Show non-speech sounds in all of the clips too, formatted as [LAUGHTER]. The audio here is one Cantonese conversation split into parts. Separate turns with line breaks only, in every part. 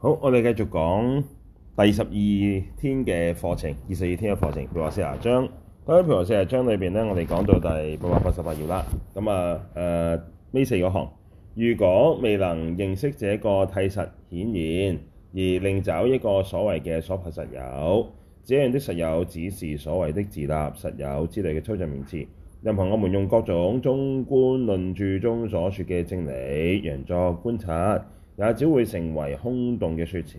好，我哋繼續講第十二天嘅課程，二十二天嘅課程，培華四廿章。咁喺培華四廿章裏邊咧，我哋講到第八百八十八頁啦。咁啊，誒、呃，呢四個行：如果未能認識這個替實顯然，而另找一個所謂嘅所破實有，這樣的實有只是所謂的自立實有之類嘅抽象名詞。任何我們用各種中觀論著中所説嘅正理，用作觀察。也只會成為空洞嘅説辭，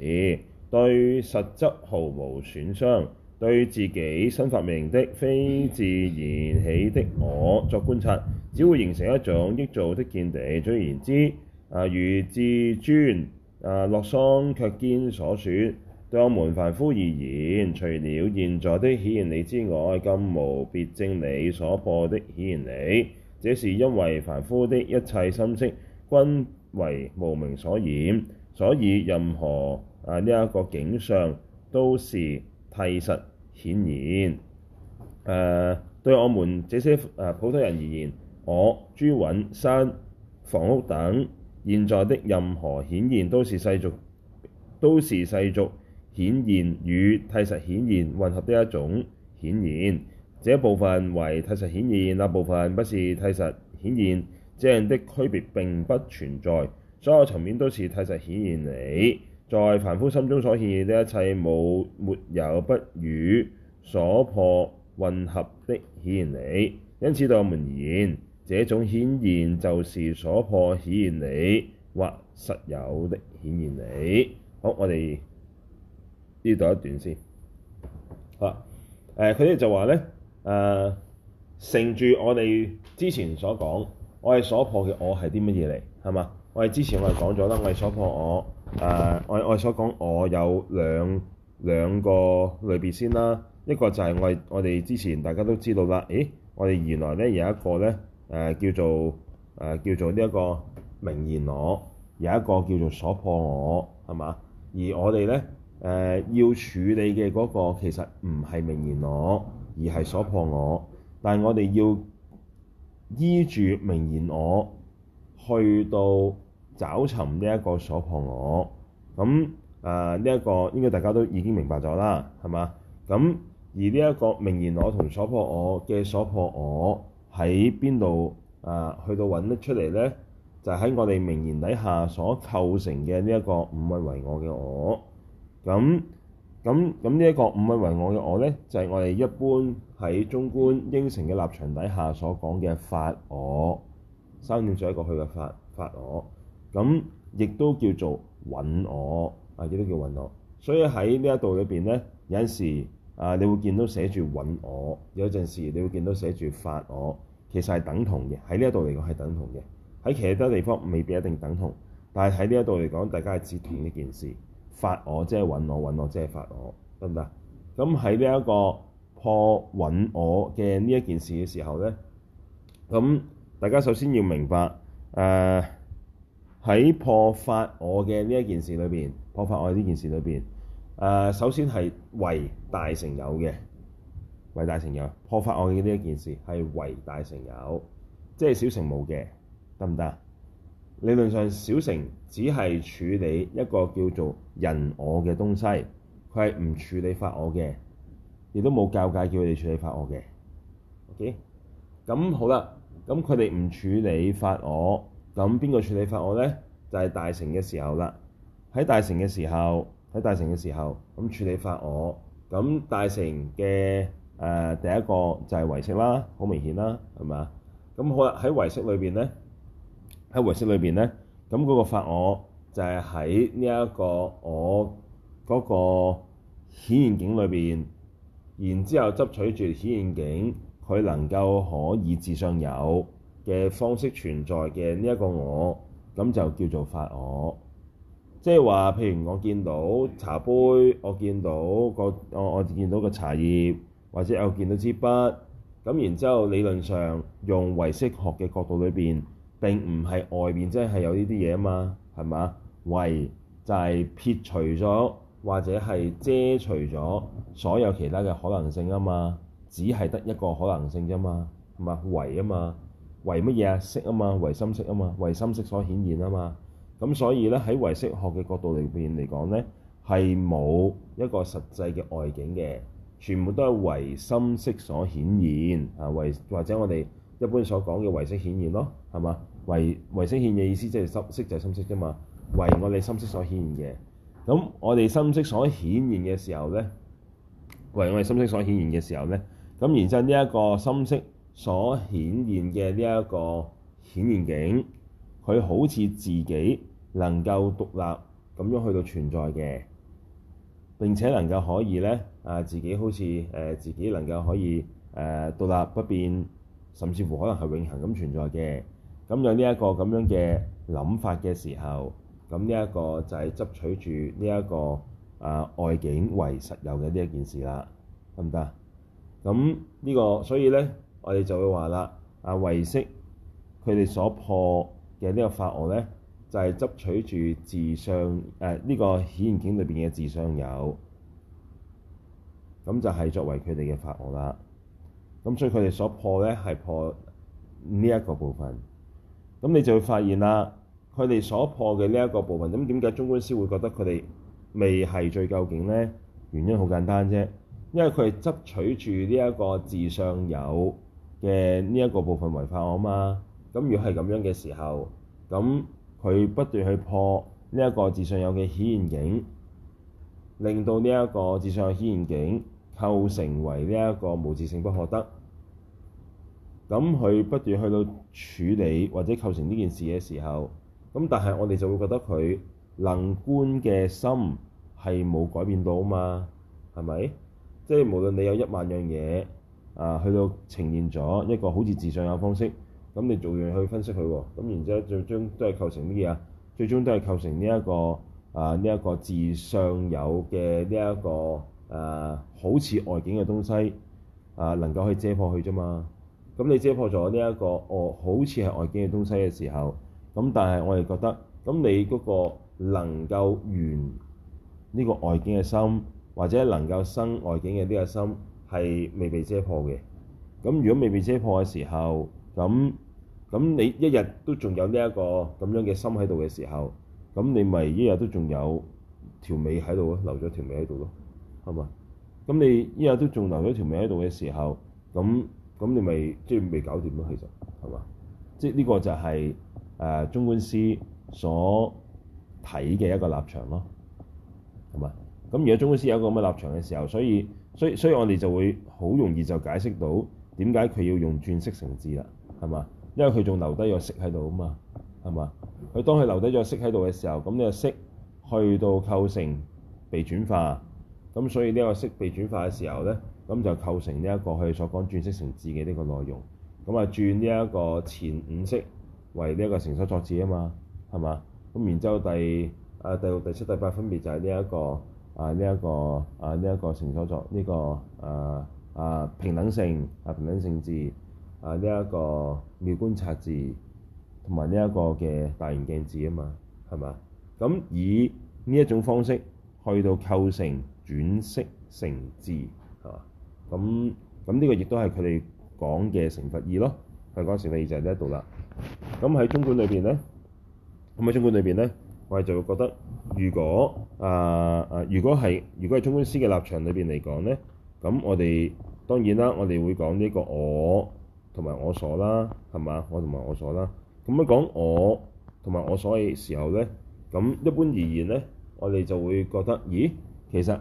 對實質毫無損傷，對自己新發明的非自然起的我作觀察，只會形成一種益造的見地。總言之，啊如至尊啊洛桑卻堅所說，對我們凡夫而言，除了現在的顯然理之外，更無別正理所破的顯然理。這是因為凡夫的一切心識均為無明所掩，所以任何啊呢一個景象都是諦實顯現。誒、呃、對我們這些誒普通人而言，我諸蘊山房屋等現在的任何顯現，都是世俗，都是世俗顯現與諦實顯現混合的一種顯現。這一部分為諦實顯現，那部分不是諦實顯現。這樣的區別並不存在，所有層面都是體實顯現理，在凡夫心中所顯現的一切，冇沒有不與所破混合的顯現理。因此對我們而言，這種顯現就是所破顯現理，或實有的顯現理。」好，我哋呢度一段先。好，佢哋、呃、就話呢，誒、呃，承住我哋之前所講。我哋所破嘅，我係啲乜嘢嚟？係嘛？我哋之前我哋講咗啦，我哋所破我。誒、呃，我我哋所講我有兩兩個類別先啦。一個就係我哋我哋之前大家都知道啦。咦？我哋原來咧有一個咧誒、呃、叫做誒、呃、叫做呢一個名言我，有一個叫做所破我，係嘛？而我哋咧誒要處理嘅嗰、那個其實唔係名言我，而係所破我，但係我哋要，依住名言我去到找尋呢一個所破我，咁誒呢一個應該大家都已經明白咗啦，係嘛？咁而呢一個名言我同所破我嘅所破我喺邊度？誒、呃、去到揾得出嚟呢，就喺、是、我哋名言底下所構成嘅呢一個唔係為我嘅我，咁。咁咁呢一個唔係為我嘅我呢，就係、是、我哋一般喺中觀應成嘅立場底下所講嘅法我，三點水一個去嘅法法我，咁亦都叫做揾我，啊，亦都叫揾我。所以喺呢一度裏邊呢，有陣時啊，你會見到寫住揾我，有陣時你會見到寫住法我，其實係等同嘅。喺呢一度嚟講係等同嘅，喺其他地方未必一定等同，但係喺呢一度嚟講，大家係指同一件事。法我即係揾我，揾我即係法我，得唔得？咁喺呢一個破揾我嘅呢一件事嘅時候咧，咁大家首先要明白誒、喺、呃、破法我嘅呢一件事裏邊，破法我呢件事裏邊誒，首先係唯大乘有嘅，唯大乘有，破法我嘅呢一件事係唯大乘有，即係小乘冇嘅，得唔得？理論上，小乘只係處理一個叫做人我嘅東西，佢係唔處理法我嘅，亦都冇教誡叫佢哋處理法我嘅。OK，咁好啦，咁佢哋唔處理法我，咁邊個處理法我呢？就係、是、大乘嘅時候啦。喺大乘嘅時候，喺大乘嘅時候，咁處理法我，咁大乘嘅誒、呃、第一個就係唯識啦，好明顯啦，係咪啊？咁好啦，喺唯識裏邊呢。喺唯識裏邊咧，咁嗰個法我就係喺呢一個我嗰個顯現境裏邊，然之後執取住顯現境，佢能夠可以自上有嘅方式存在嘅呢一個我，咁就叫做法我。即係話，譬如我見到茶杯，我見到個我，我見到個茶葉，或者我見到支筆，咁然之後理論上用唯識學嘅角度裏邊。並唔係外面真係、即係、有呢啲嘢啊嘛，係嘛？唯就係撇除咗或者係遮除咗所有其他嘅可能性啊嘛，只係得一個可能性啫嘛，係嘛？唯啊嘛，唯乜嘢啊？識啊嘛，唯心識啊嘛，唯心識所顯現啊嘛。咁所以咧，喺唯識學嘅角度嚟面嚟講咧，係冇一個實際嘅外境嘅，全部都係唯心識所顯現啊，唯或者我哋一般所講嘅唯識顯現咯，係嘛？為為色顯嘅意思，即係深色就係深色啫嘛。為我哋深色所顯現嘅，咁我哋深色所顯現嘅時候咧，為我哋深色所顯現嘅時候咧，咁然之後呢一個深色所顯現嘅呢一個顯現境，佢好似自己能夠獨立咁樣去到存在嘅，並且能夠可以咧啊自己好似誒、呃、自己能夠可以誒、呃、獨立不變，甚至乎可能係永恆咁存在嘅。咁有呢一個咁樣嘅諗法嘅時候，咁呢一個就係執取住呢一個啊外境為實有嘅呢一件事啦，得唔得？咁呢、呢個所以咧，我哋就會話啦，啊唯識佢哋所破嘅呢個法我咧，就係、是、執取住自相誒呢個顯現境裏邊嘅自相有，咁就係作為佢哋嘅法我啦。咁所以佢哋所破咧係破呢一個部分。咁你就會發現啦，佢哋所破嘅呢一個部分，咁點解中觀師會覺得佢哋未係最究竟呢？原因好簡單啫，因為佢係執取住呢一個自上有嘅呢一個部分違法案啊嘛。咁如果係咁樣嘅時候，咁佢不斷去破呢一個自上有嘅顯現境，令到呢一個自上有顯現境構成為呢一個無自性不可得。咁佢不斷去到處理或者構成呢件事嘅時候，咁但係我哋就會覺得佢能觀嘅心係冇改變到啊嘛，係咪？即係無論你有一萬樣嘢啊、呃，去到呈現咗一個好似自上有方式，咁你做樣去分析佢喎，咁然之後最終都係構成呢嘢啊，最終都係構成呢、這、一個啊呢一個自上有嘅呢一個啊、呃、好似外境嘅東西啊、呃，能夠去遮破佢啫嘛。咁你遮破咗呢一個哦，好似係外境嘅東西嘅時候，咁但係我哋覺得，咁你嗰個能夠緣呢個外境嘅心，或者能夠生外境嘅呢個心，係未被遮破嘅。咁如果未被遮破嘅時候，咁咁你一日都仲有呢、這、一個咁樣嘅心喺度嘅時候，咁你咪一日都仲有條尾喺度咯，留咗條尾喺度咯，係嘛？咁你一日都仲留咗條尾喺度嘅時候，咁。咁你咪即係未搞掂咯，其實係嘛？即係呢個就係誒中觀師所睇嘅一個立場咯，係嘛？咁如果中觀師有一個咁嘅立場嘅時候，所以所以所以我哋就會好容易就解釋到點解佢要用轉色成字啦，係嘛？因為佢仲留低咗色喺度啊嘛，係嘛？佢當佢留低咗色喺度嘅時候，咁呢個色去到構成被轉化。咁所以呢一個識被轉化嘅時候咧，咁就構成呢一個佢所講轉識成字嘅呢個內容。咁啊，轉呢一個前五式為呢一個成所作字啊嘛，係嘛？咁然之後第啊第六第七第八分別就係呢一個啊呢一個啊呢一個成所作呢個啊啊平等性啊平等性字啊呢一個妙觀察字同埋呢一個嘅大圓鏡字啊嘛，係嘛？咁以呢一種方式去到構成。轉識成智係咁，咁呢個亦都係佢哋講嘅成佛意咯。喺嗰時嘅意就喺呢一度啦。咁喺中觀裏邊咧，咁喺中觀裏邊咧，我哋就會覺得，如果啊啊，如果係如果係中觀師嘅立場裏邊嚟講咧，咁我哋當然啦，我哋會講呢個我同埋我所啦，係嘛？我同埋我所啦。咁一講我同埋我所嘅時候咧，咁一般而言咧，我哋就會覺得，咦，其實。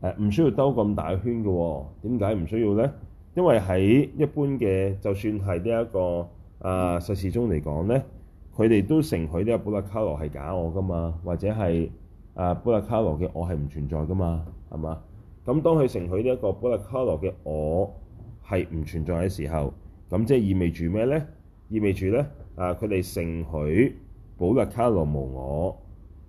誒唔、啊、需要兜咁大個圈嘅，哦，點解唔需要咧？因為喺一般嘅，就算係呢一個啊實事宗嚟講咧，佢哋都承許呢個補特伽羅係假我噶嘛，或者係啊補特伽羅嘅我係唔存在噶嘛，係嘛？咁當佢承許呢一個補特伽羅嘅我係唔存在嘅時候，咁即係意味住咩咧？意味住咧啊，佢哋承許補特伽羅無我。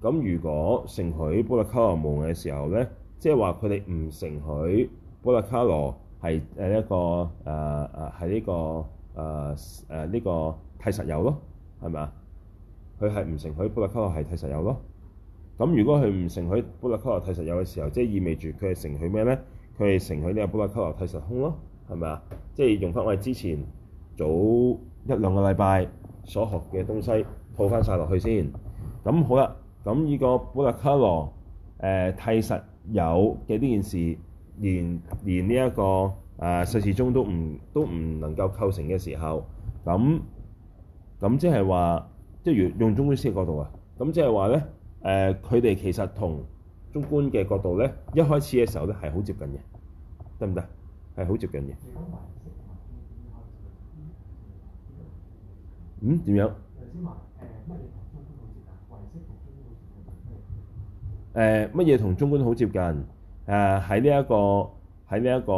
咁如果承許補特伽羅無我嘅時候咧？即係話佢哋唔承許補特伽羅係誒一個誒誒係呢個誒誒呢個替實有咯，係咪啊？佢係唔承許補特伽羅係替實有咯。咁如果佢唔承許補特伽羅替實有嘅時候，即係意味住佢係承許咩咧？佢係承許呢個補特伽羅替實空咯，係咪啊？即係用翻我哋之前早一兩個禮拜所學嘅東西套翻晒落去先。咁好啦，咁呢個補特伽羅誒替實有嘅呢件事，連連呢、這、一個啊世事中都唔都唔能夠構成嘅時候，咁咁即係話，即係用用中觀師嘅角度啊，咁即係話咧，誒佢哋其實同中觀嘅角度咧，一開始嘅時候咧係好接近嘅，得唔得？係好接近嘅。嗯，點樣？誒乜嘢同中觀好接近？誒喺呢一個喺呢一個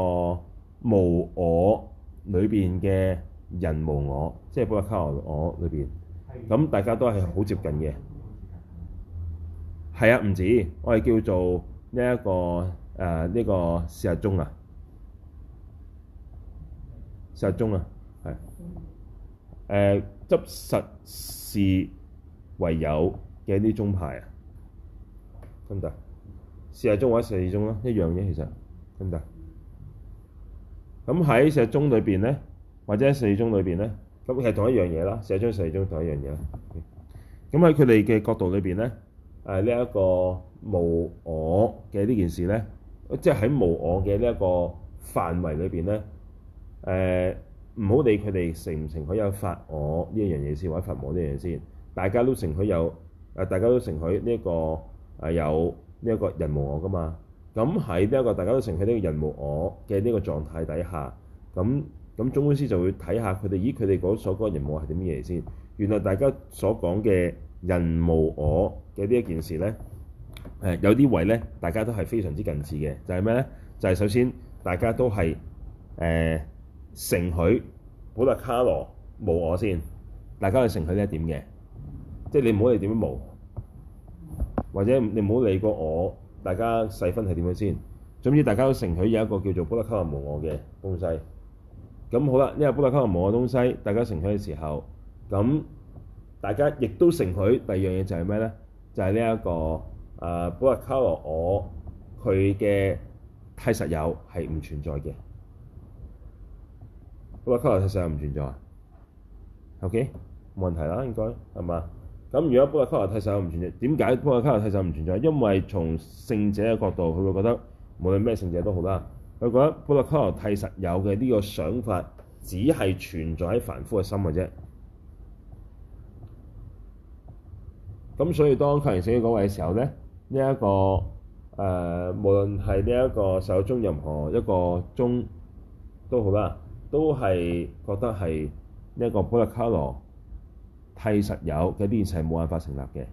無我裏邊嘅人無我，即係補特伽羅我裏邊，咁大家都係好接近嘅。係啊，唔止，我係叫做呢一個誒呢個實事宗啊，實事宗啊，係誒執實事為有嘅呢啲宗派啊。咁啊，四日鐘或者四廿鐘啦，一樣嘢其實，咁啊。咁喺四日鐘裏邊咧，或者四廿鐘裏邊咧，咁係同一樣嘢啦。四廿鐘，四廿鐘同一樣嘢。咁喺佢哋嘅角度裏邊咧，誒呢一個無我嘅呢件事咧，即係喺無我嘅呢一個範圍裏邊咧，誒唔好理佢哋承唔承許有法我呢一樣嘢先，或者法我呢樣先，大家都承許有誒、呃，大家都承許呢一個。啊有呢一個人無我噶嘛？咁喺呢一個大家都承許呢個人無我嘅呢個狀態底下，咁咁中觀師就會睇下佢哋，咦佢哋嗰所嗰個人無我係啲咩嘢先？原來大家所講嘅人無我嘅呢一件事咧，誒有啲位咧大家都係非常之近似嘅，就係咩咧？就係、是、首先大家都係誒、呃、承許補特伽羅冇我先，大家去承許呢一點嘅，即係你唔可以點樣冇」。或者你唔好理過我，大家細分係點樣先。總之大家都承許有一個叫做補特伽羅無我嘅東西。咁好啦，因為補特伽羅無我東西，大家承許嘅時候，咁大家亦都承許第二樣嘢就係咩咧？就係呢一個誒補特伽羅我佢嘅諦實有係唔存在嘅。補特伽羅諦實有唔存在，OK，冇問題啦，應該係嘛？咁如果補特伽羅諦實有唔存在，點解補特伽羅諦實唔存在？因為從聖者嘅角度，佢會覺得無論咩聖者都好啦，佢覺得補特伽羅諦實有嘅呢個想法，只係存在喺凡夫嘅心嘅啫。咁所以當佢哋醒起嗰位嘅時候咧，呢、這、一個誒、呃、無論係呢一個手中，任何一個宗都好啦，都係覺得係呢一個補特伽羅。係實有嘅一啲事係冇辦法成立嘅。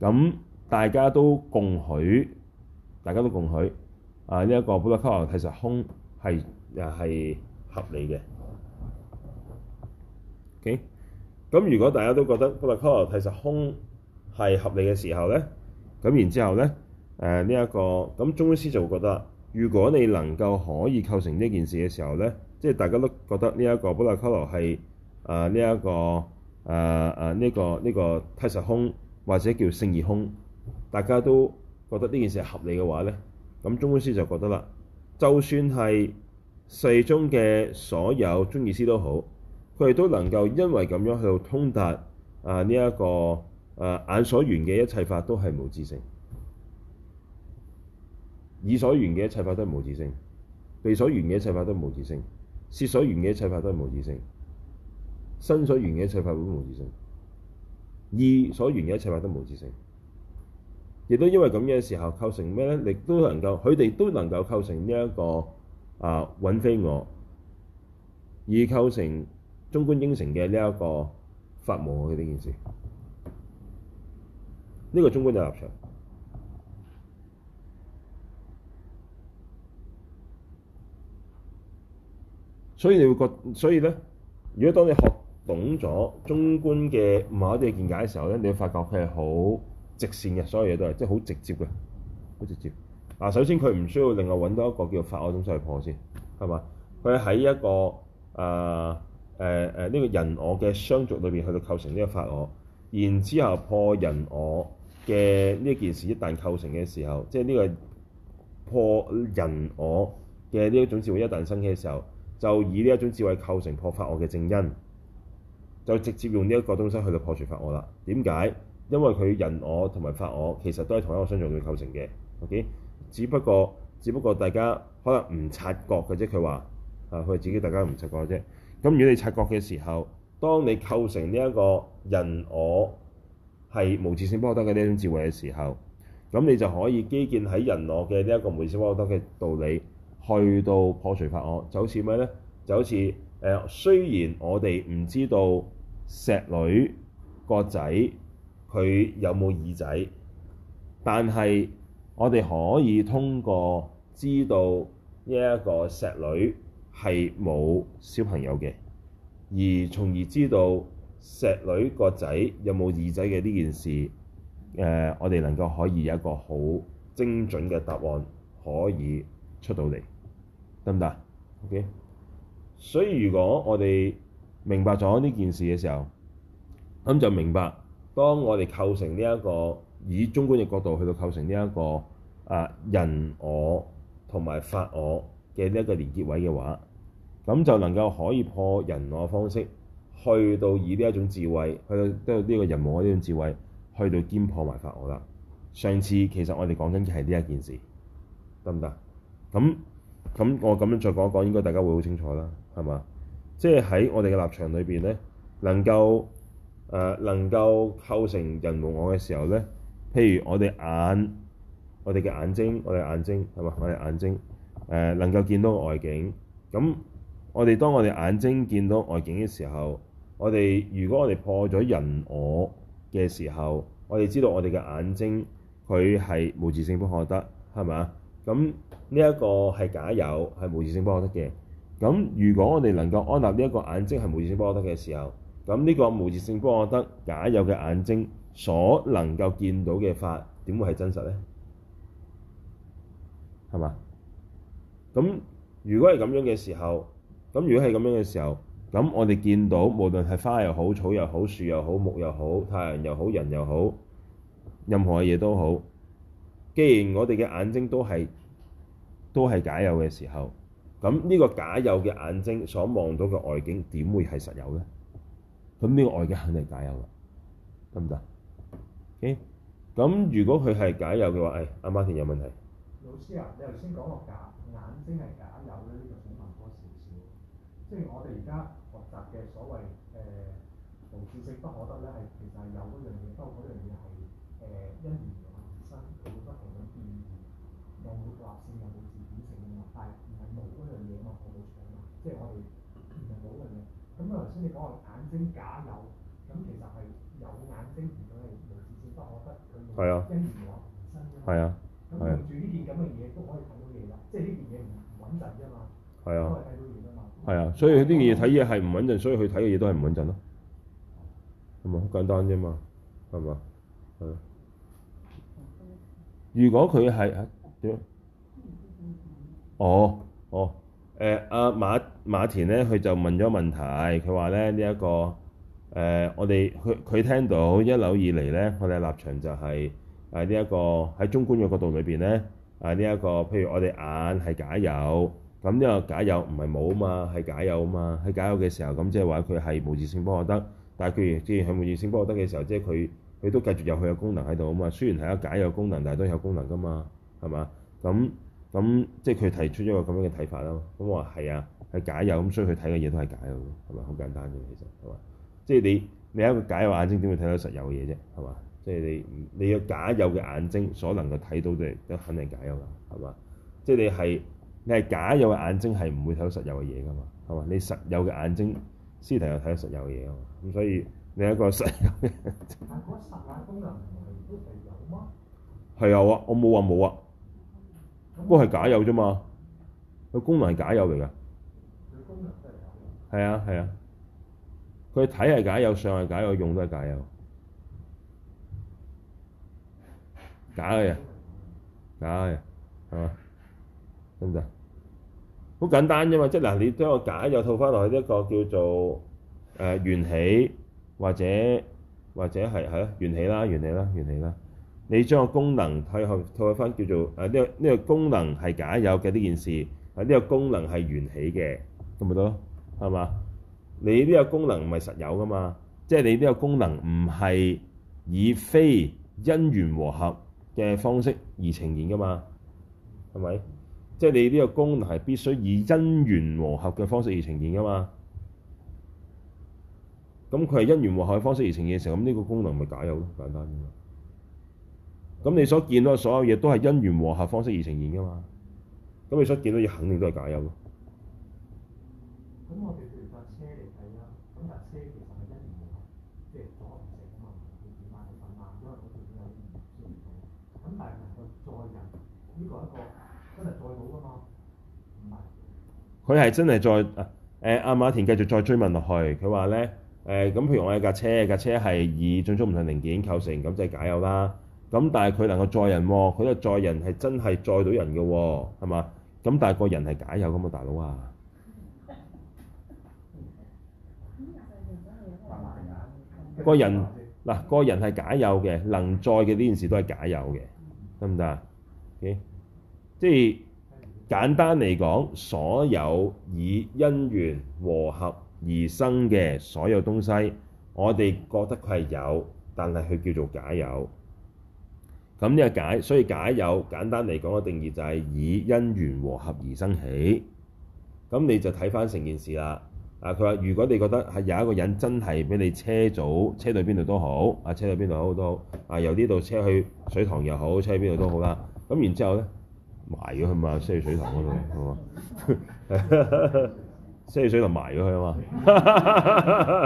咁大家都共許，大家都共許、呃這個、啊！呢、這、一個補特伽羅係實空，係又係合理嘅。OK，咁如果大家都覺得補特伽羅係實空係合理嘅時候咧，咁然之後咧，誒呢一個咁中醫師就會覺得，如果你能夠可以構成呢件事嘅時候咧，即係大家都覺得呢一個補特伽羅係啊呢一個。啊這個啊這個啊這個啊啊！呢、呃呃這個呢、這個體實空或者叫勝義空，大家都覺得呢件事係合理嘅話咧，咁中觀師就覺得啦，就算係世中嘅所有中觀師都好，佢哋都能夠因為咁樣去到通達啊呢一個啊、呃、眼所緣嘅一切法都係無自性，耳所緣嘅一切法都係無自性，鼻所緣嘅一切法都係無自性，舌所緣嘅一切法都係無自性。身所緣嘅一切法都無自性，意所緣嘅一切法都無自性，亦都因為咁嘅時候構成咩咧？你都能夠，佢哋都能夠構成呢、這、一個啊人、呃、非我，而構成中觀應成嘅呢一個法無我嘅呢件事。呢、這個中觀嘅立場，所以你會覺，所以咧，如果當你學懂咗中觀嘅某一啲嘅見解嘅時候咧，你會發覺佢係好直線嘅，所有嘢都係即係好直接嘅，好直接。啊，首先佢唔需要另外揾到一個叫法我東西去破先，係嘛？佢喺一個誒誒誒呢個人我嘅相續裏邊去到構成呢個法我，然之後破人我嘅呢件事一旦構成嘅時候，即係呢個破人我嘅呢一種智慧一旦生起嘅時候，就以呢一種智慧構成破法我嘅正因。就直接用呢一個東西去到破除法我啦。點解？因為佢人我同埋法我其實都係同一個雙重裏構成嘅。OK，只不過只不過大家可能唔察覺嘅啫。佢話啊，佢自己大家唔察覺啫。咁如果你察覺嘅時候，當你構成呢一個人我係無自性波德嘅呢種智慧嘅時候，咁你就可以基建喺人我嘅呢一個無自性波德嘅道理，去到破除法我，就好似咩咧？就好似誒，雖然我哋唔知道石女個仔佢有冇耳仔，但係我哋可以通過知道呢一個石女係冇小朋友嘅，而從而知道石女個仔有冇耳仔嘅呢件事，誒，我哋能夠可以有一個好精準嘅答案可以出到嚟，得唔得？OK。所以如果我哋明白咗呢件事嘅時候，咁就明白，當我哋構成呢一個以中觀嘅角度去到構成呢一個啊、呃、人我同埋法我嘅呢一個連結位嘅話，咁就能夠可以破人我方式去到以呢一種智慧去到呢個人我呢種智慧去到兼破埋法我啦。上次其實我哋講緊嘅係呢一件事，得唔得？咁咁我咁樣再講一講，應該大家會好清楚啦。係嘛？即係喺我哋嘅立場裏邊咧，能夠誒、呃、能夠構成人和我嘅時候咧，譬如我哋眼，我哋嘅眼睛，我哋眼睛係嘛？我哋眼睛誒、呃、能夠見到外景。咁我哋當我哋眼睛見到外景嘅時候，我哋如果我哋破咗人我嘅時候，我哋知道我哋嘅眼睛佢係無自性不可得，係嘛？咁呢一個係假有，係無自性不可得嘅。咁如果我哋能夠安立呢一個眼睛係無自性波羅得嘅時候，咁呢個無自性波羅得假有嘅眼睛所能夠見到嘅法，點會係真實呢？係嘛？咁如果係咁樣嘅時候，咁如果係咁樣嘅時候，咁我哋見到無論係花又好、草又好、樹又好、木又好、太陽又好、人又好，任何嘢都好，既然我哋嘅眼睛都係都係假有嘅時候。咁呢個假有嘅眼睛所望到嘅外景點會係實有咧？咁、這、呢個外景肯定係假有啦，得唔得？OK。咁如果佢係假有嘅話，誒、哎、阿、啊、馬田有問題。老師啊，你頭先講個假眼睛係假有咧，呢個講法多少少。即係我哋而家學習嘅所謂誒、呃、無知識不可得咧，係其實有嗰樣嘢，不過嗰樣嘢係誒因緣而生，佢不停咁變異，有冇畫線有冇自異性嘅問題？冇嗰樣嘢嘛，好冇錯嘛。即係我哋其實冇嘅嘢。咁啊，頭先你講話眼睛假有，咁其實係有眼睛，而都係無處不可得我。佢冇根源喎，天生。係啊。咁對住呢件咁嘅嘢都可以睇到嘢啦。即係呢件嘢唔唔穩陣啫嘛。係啊。係啊，啊，所以佢呢件嘢睇嘢係唔穩陣，所以佢睇嘅嘢都係唔穩陣咯。係咪好簡單啫嘛？係嘛？係啊。如果佢係點？哦。Oh, 哦，誒阿、oh, uh, 馬馬田咧，佢就問咗問題，佢話咧呢一、這個誒、呃，我哋佢佢聽到一路以嚟咧，我哋嘅立場就係誒呢一個喺中觀嘅角度裏邊咧，誒呢一個譬如我哋眼係假有，咁呢個假有唔係冇啊嘛，係假有啊嘛，喺假有嘅時候咁即係話佢係無自性波羅得，但係佢，如既然係無自性波羅得嘅時候，即係佢佢都繼續有佢嘅功能喺度啊嘛，雖然係一假有功能，但係都有功能噶嘛，係嘛？咁、嗯咁、嗯、即係佢提出咗個咁樣嘅睇法咯。咁、嗯、我話係啊，係假有，咁所以佢睇嘅嘢都係假有，係咪？好簡單嘅其實係嘛，即係你你有一個假有眼睛點會睇到實有嘅嘢啫？係嘛，即係你你有假有嘅眼睛所能夠睇到嘅，都肯定假有㗎，係嘛？即係你係你係假有嘅眼睛係唔會睇到實有嘅嘢㗎嘛？係嘛？你實有嘅眼睛先能夠睇到實有嘅嘢啊嘛。咁所以你一個實有嘅，但嗰實眼功能唔係有咩？係有啊，我冇話冇啊。不過係假有啫嘛，個功能係假有嚟㗎。佢功能真係有。係啊係啊，佢睇係假有，上係假有，用都係假有。假嘅，假嘅，係嘛？得唔得？好簡單啫嘛，即嗱，你將個假有套翻落去一個叫做誒、呃、緣起，或者或者係係咯，緣起啦，緣起啦，緣起啦。你將個功能退後退翻，叫做誒呢、啊這個呢、這個功能係假有嘅呢件事，係、啊、呢、這個功能係緣起嘅，咁咪得，係嘛？你呢個功能唔係實有噶嘛？即係你呢個功能唔係以非因緣和合嘅方式而呈現噶嘛？係咪？即係你呢個功能係必須以因緣和合嘅方式而呈現噶嘛？咁佢係因緣和合嘅方式而呈現嘅時候，咁、這、呢個功能咪假有咯，簡單。咁你所見到嘅所有嘢都係因緣和合方式而呈現噶嘛？咁你所見到嘢肯定都係假有。咁我哋譬如架車嚟計啦，咁架車其實係因即係所唔成啊嘛。佢點解咁慢？佢再呢個一個真係再好啊嘛，唔係。佢係真係再啊？誒、啊、阿馬田繼續再追問落去，佢話咧，誒咁譬如我有架車，架車係以進出唔同零件構成，咁就係假有啦。咁但係佢能夠載人喎，佢個載人係真係載到人嘅喎，係嘛？咁但係個人係假有㗎嘛，大佬啊，個人嗱個人係假有嘅，能載嘅呢件事都係假有嘅，得唔得啊？OK，即係簡單嚟講，所有以因緣和合而生嘅所有東西，我哋覺得佢係有，但係佢叫做假有。咁呢個解，所以解有簡單嚟講嘅定義就係以因緣和合而生起。咁你就睇翻成件事啦。啊，佢話如果你覺得係有一個人真係俾你車咗車到邊度都，都好，啊車到邊度都好，啊由呢度車去水塘又好，車去邊度都好啦。咁然之後咧，埋咗佢嘛？車去水塘嗰度，係嘛？車去水塘埋咗佢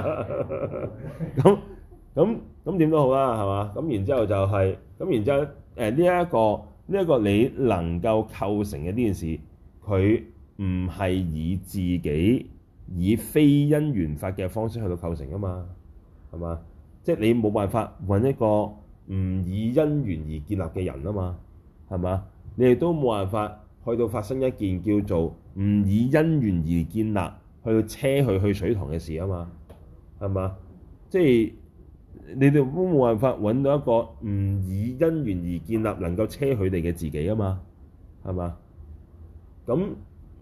啊嘛。 [LAUGHS] [LAUGHS] 咁咁點都好啦，係嘛？咁然之後就係、是、咁，然之後咧誒呢一個呢一、個呢一個你能夠構成嘅呢件事，佢唔係以自己以非因緣法嘅方式去到構成啊嘛，係嘛？即係你冇辦法搵一個唔以因緣而建立嘅人啊嘛，係嘛？你亦都冇辦法去到發生一件叫做唔以因緣而建立去到車去去水塘嘅事啊嘛，係嘛？即係。你哋都冇辦法揾到一個唔以因緣而建立能夠車佢哋嘅自己啊嘛，係嘛？咁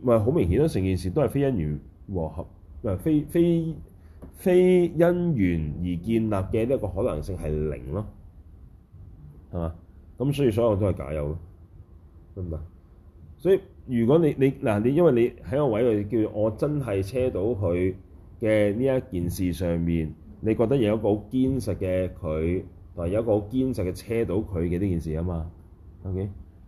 咪好明顯咯，成件事都係非因緣和合，唔係非非非因緣而建立嘅呢一個可能性係零咯，係嘛？咁所以所有都係假有咯，明嘛？所以如果你你嗱你因為你喺個位度叫做我真係車到佢嘅呢一件事上面。你覺得有一個好堅實嘅佢，同埋有一個好堅實嘅車到佢嘅呢件事啊嘛，OK？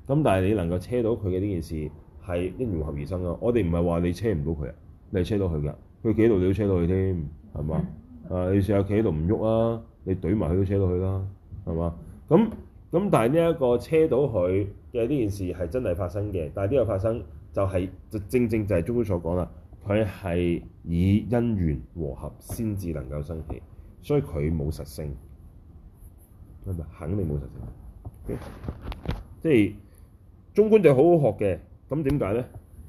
咁但係你能夠車到佢嘅呢件事係因緣和合而生咯。我哋唔係話你車唔到佢，你係車到佢噶。佢企喺度，你都車到佢添，係嘛？ [LAUGHS] 啊，你試下企喺度唔喐啊，你懟埋佢都車到佢啦，係嘛？咁咁，但係呢一個車到佢嘅呢件事係真係發生嘅。但係呢個發生就係、是、就正正就係中觀所講啦。佢係以因緣和合先至能夠生起，所以佢冇實性，係咪？肯定冇實性。Okay? 即係中觀就好好學嘅，咁點解咧？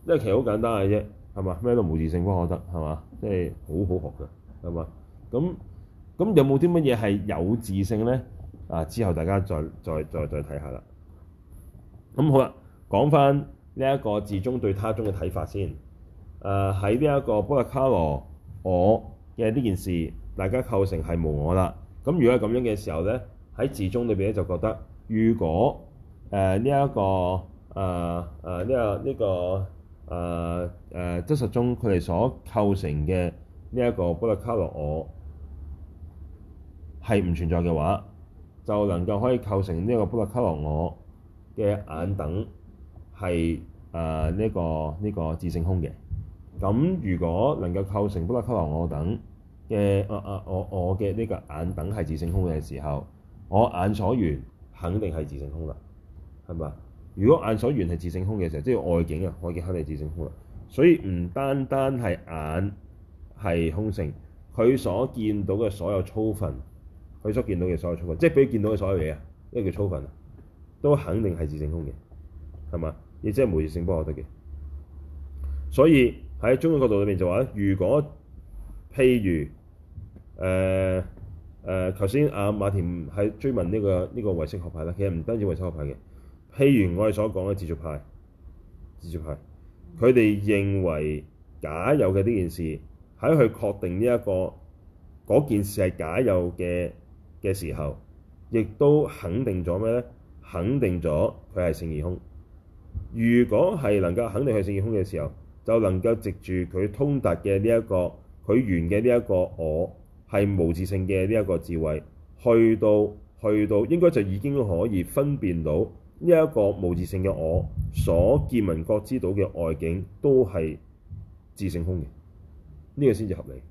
因為其實好簡單嘅啫，係嘛？咩都無自性方可得，係嘛？即係好好學嘅，係嘛？咁咁有冇啲乜嘢係有自性咧？啊，之後大家再再再再睇下啦。咁好啦，講翻呢一個自宗對他宗嘅睇法先。誒喺呢一個補特伽羅我嘅呢件事，大家構成係無我啦。咁如果係咁樣嘅時候咧，喺字中裏邊咧就覺得，如果誒呢一個誒誒呢個呢個誒誒真實中佢哋所構成嘅呢一個補特伽羅我係唔存在嘅話，就能夠可以構成呢一個補特伽羅我嘅眼等係誒呢個呢、這個自性空嘅。咁如果能夠構成補特伽羅我等嘅啊啊我我嘅呢個眼等係自性空嘅時候，我眼所緣肯定係自性空啦，係咪？如果眼所緣係自性空嘅時候，即係外境啊，外境肯定係自性空啦。所以唔單單係眼係空性，佢所見到嘅所有粗分，佢所見到嘅所有粗分，即係畀佢見到嘅所有嘢啊，呢個叫粗分，都肯定係自性空嘅，係嘛？亦即係無自性不可得嘅，所以。喺中間角度裏面就話咧，如果譬如誒誒，頭先阿馬田喺追問呢、這個呢、這個唯識學派咧，其實唔單止唯識學派嘅，譬如我哋所講嘅自續派、自續派，佢哋認為假有嘅呢件事喺佢確定呢、這、一個嗰件事係假有嘅嘅時候，亦都肯定咗咩咧？肯定咗佢係勝義空。如果係能夠肯定佢勝義空嘅時候，就能夠藉住佢通達嘅呢一個佢原嘅呢一個我係無自性嘅呢一個智慧，去到去到應該就已經可以分辨到呢一個無自性嘅我所見聞覺知到嘅外境都係自性空嘅，呢個先至合理，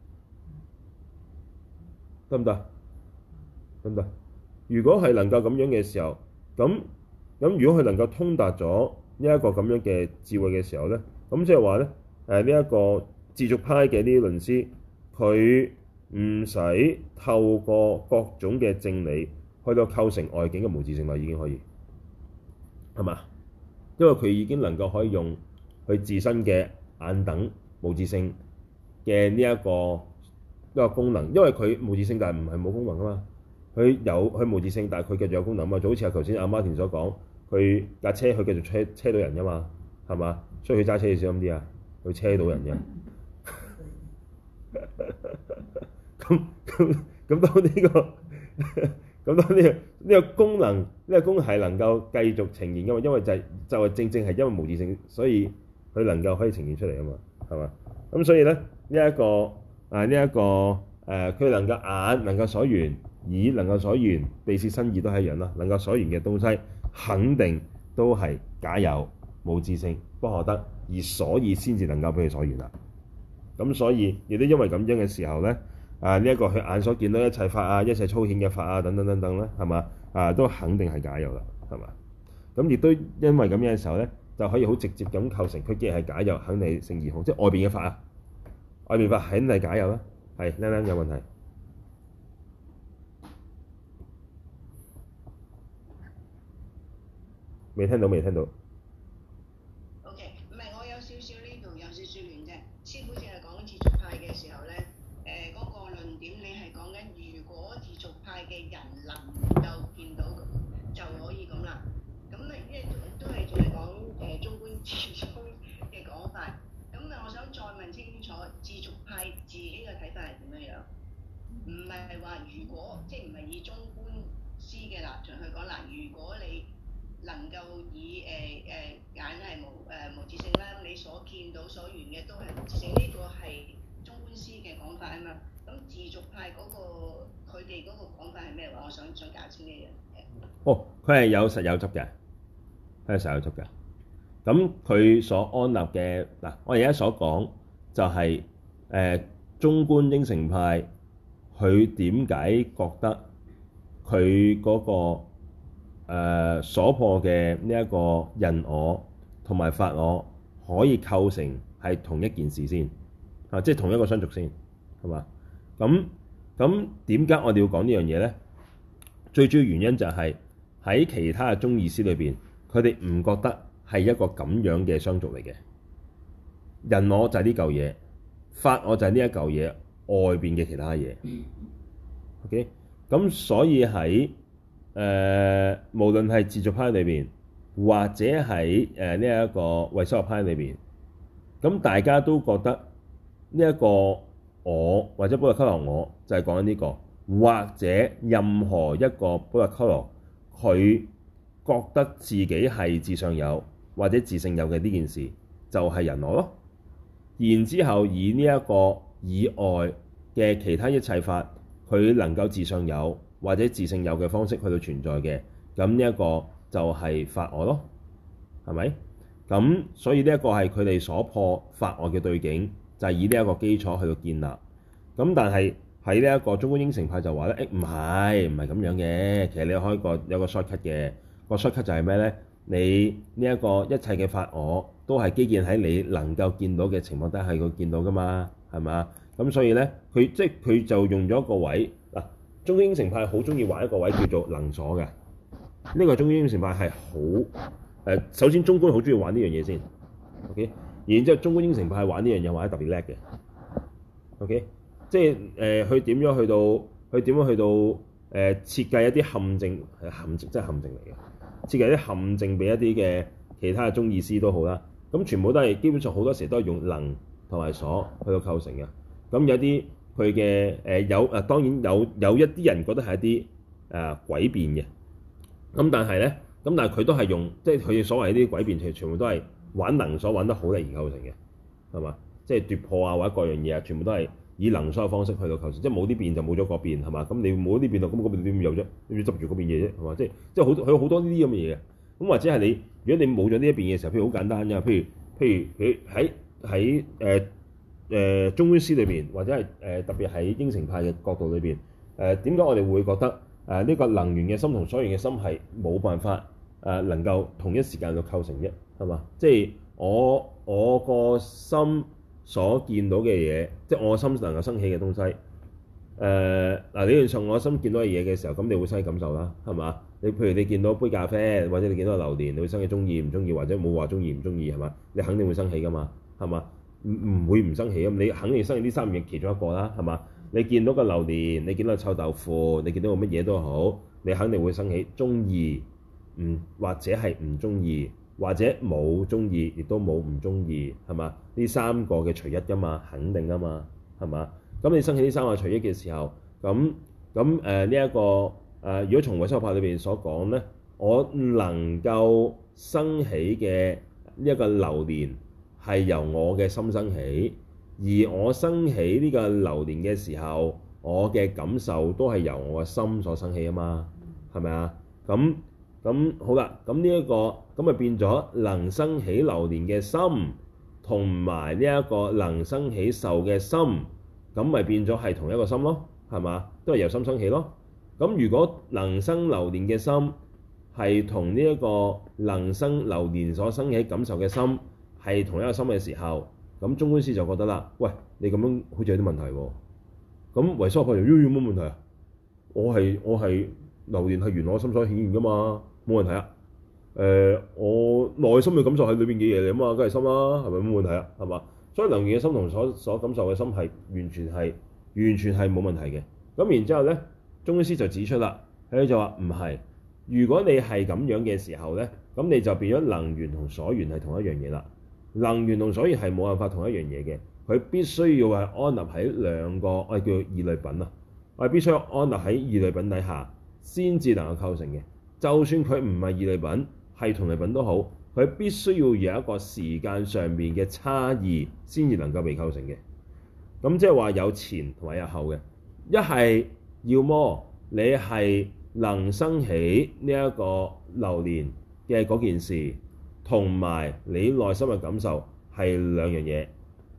得唔得？得唔得？如果係能夠咁樣嘅時候，咁咁如果佢能夠通達咗呢一個咁樣嘅智慧嘅時候咧，咁即係話咧，誒呢一個自續派嘅呢啲論師，佢唔使透過各種嘅正理去到構成外境嘅無自性，就已經可以，係嘛？因為佢已經能夠可以用佢自身嘅眼等無自性嘅呢一個一、呢個功能，因為佢無自性，但係唔係冇功能噶嘛，佢有佢無自性，但係佢繼續有功能啊嘛，就好似阿頭先阿 Martin 所講。佢架車佢繼續車車到人噶嘛，係嘛？所以佢揸車要小心啲啊！佢車到人啫。咁咁咁多呢個，咁多呢個呢、這個功能，呢、這個功能係能夠繼續呈現噶嘛？因為就係就係正正係因為模擬性，所以佢能夠可以呈現出嚟啊嘛，係嘛？咁所以咧，呢、這、一個啊呢一、這個誒，佢、呃、能夠眼能夠所緣，耳能夠所緣，鼻舌身意都係一樣啦，能夠所緣嘅東西。肯定都係假有冇自性，不可得，而所以先至能夠俾佢所願啦。咁所以亦都因為咁樣嘅時候咧，啊呢一、這個佢眼所見到一切法啊，一切粗顯嘅法啊、等等等等咧，係嘛啊，都肯定係假有啦，係嘛？咁亦都因為咁樣嘅時候咧，就可以好直接咁構成佢既係假有，肯定係勝義空，即係外邊嘅法啊，外邊法肯定係假有啦、啊，係僆僆有問題。未聽到，未聽到。OK，唔係，我有少少呢度有少少亂啫。師傅淨係講自續派嘅時候咧，誒、呃、嗰、那個論點你係講緊，如果自續派嘅人能夠見到，就可以咁啦。咁啊，因為都係在講誒中觀自宗嘅講法。咁啊，我想再問清楚，自續派自己嘅睇法係點樣樣？唔係話如果即係唔係以中觀師嘅立場去講嗱，如果你。能夠以誒誒眼係無誒、呃、無自性啦，你所見到所見嘅都係無自性，呢個係中觀師嘅講法啊嘛。咁自續派嗰、那個佢哋嗰個講法係咩話？我想想搞清呢樣。哦，佢係有實有執嘅，係實有執嘅。咁佢所安立嘅嗱，我而家所講就係誒中觀應成派，佢點解覺得佢嗰、那個？誒、呃、所破嘅呢一個人我同埋法我可以構成係同一件事先，啊，即係同一個相續先，係嘛？咁咁點解我哋要講呢樣嘢咧？最主要原因就係喺其他嘅宗義師裏邊，佢哋唔覺得係一個咁樣嘅相續嚟嘅。人我就係呢嚿嘢，法我就係呢一嚿嘢，外邊嘅其他嘢。OK，咁所以喺誒、呃，無論係自續派裏面，或者喺誒呢一個唯識派裏面，咁大家都覺得呢一個我或者補特伽羅我，就係講緊呢個，或者任何一個補特伽羅，佢覺得自己係自上有或者自性有嘅呢件事，就係、是、人我咯。然之後以呢一個以外嘅其他一切法，佢能夠自上有，或者自性有嘅方式去到存在嘅，咁呢一個就係法我咯，係咪？咁所以呢一個係佢哋所破法我嘅對境，就係、是、以呢一個基礎去到建立。咁但係喺呢一個中觀應成派就話咧，誒唔係唔係咁樣嘅，其實你開個有個 short cut 嘅個 short cut 就係咩咧？你呢一個一切嘅法我都係基建喺你能夠見到嘅情況底下佢見到噶嘛，係嘛？咁所以咧佢即係佢就用咗一個位。中觀應成派好鍾意玩一個位叫做能所嘅，呢個中觀應成派係好誒。首先，中觀好、okay? 鍾意玩呢樣嘢先，OK。然之後，中觀應成派玩呢樣嘢玩得特別叻嘅，OK 即。即係誒，佢點樣去到？佢點樣去到？誒，設計一啲陷阱係陷阱，即係陷阱嚟嘅。設計啲陷阱俾一啲嘅其他嘅中觀師都好啦。咁全部都係基本上好多時都係用能同埋所去到構成嘅。咁有啲。佢嘅誒有啊，當然有有一啲人覺得係一啲誒、呃、詭辯嘅，咁但係咧，咁但係佢都係用即係佢所謂啲詭辯其實全部都係玩能所玩得好嚟而構成嘅，係嘛？即係奪破啊，或者各樣嘢啊，全部都係以能所嘅方式去到構成，即係冇啲變就冇咗嗰變係嘛？咁你冇啲變咁嗰邊點有咗，你要執住嗰邊嘢啫係嘛？即係即係好，佢好多呢啲咁嘅嘢嘅，咁或者係你，如果你冇咗呢一邊嘅時候，譬如好簡單嘅，譬如譬如佢喺喺誒。誒、呃、中觀師裏邊，或者係誒、呃、特別喺應成派嘅角度裏邊，誒，點解我哋會覺得誒呢、呃這個能緣嘅心同所緣嘅心係冇辦法誒、呃、能夠同一時間去構成啫，係嘛？即、就、係、是、我我個心所見到嘅嘢，即、就、係、是、我心能夠生起嘅東西，誒、呃、嗱，你要從我心見到嘅嘢嘅時候，咁你會生起感受啦，係嘛？你譬如你見到杯咖啡，或者你見到榴蓮，你會生起中意唔中意，或者冇話中意唔中意，係嘛？你肯定會生起㗎嘛，係嘛？唔唔會唔生起，啊！你肯定生起呢三樣其中一個啦，係嘛？你見到個榴蓮，你見到個臭豆腐，你見到個乜嘢都好，你肯定會生起中意，嗯，或者係唔中意，或者冇中意，亦都冇唔中意，係嘛？呢三個嘅隨一㗎嘛，肯定㗎嘛，係嘛？咁你生起呢三個隨一嘅時候，咁咁誒呢一個誒、呃，如果從唯識學派裏邊所講呢，我能夠生起嘅呢一個榴蓮。係由我嘅心生起，而我生起呢個流年嘅時候，我嘅感受都係由我嘅心所生起啊嘛，係咪啊？咁咁好啦，咁呢一個，咁咪變咗能生起流年嘅心，同埋呢一個能生起受嘅心，咁咪變咗係同一個心咯，係嘛？都係由心生起咯。咁如果能生流年嘅心，係同呢一個能生流年所生起感受嘅心。係同一個心嘅時候，咁中觀師就覺得啦：喂，你咁樣好似有啲問題喎、啊。咁唯識師就：要唔要冇問題啊？我係我係流連係原來我心所顯現㗎嘛，冇問題啊。誒、呃，我內心嘅感受係裏邊嘅嘢嚟啊嘛，梗係心啦、啊，係咪冇問題啊？係嘛，所以能緣嘅心同所所感受嘅心係完全係完全係冇問題嘅。咁然之後咧，中觀師就指出啦，佢就話唔係。如果你係咁樣嘅時候咧，咁你就變咗能緣同所緣係同一樣嘢啦。能源同所源係冇辦法同一樣嘢嘅，佢必須要係安立喺兩個我哋、啊、叫異類品啊，我哋必須要安立喺異類品底下先至能夠構成嘅。就算佢唔係異類品，係同類品都好，佢必須要有一個時間上面嘅差異先至能夠被構成嘅。咁、嗯、即係話有前同埋有後嘅，一係要麼你係能生起呢一個流年嘅嗰件事。同埋你內心嘅感受係兩樣嘢，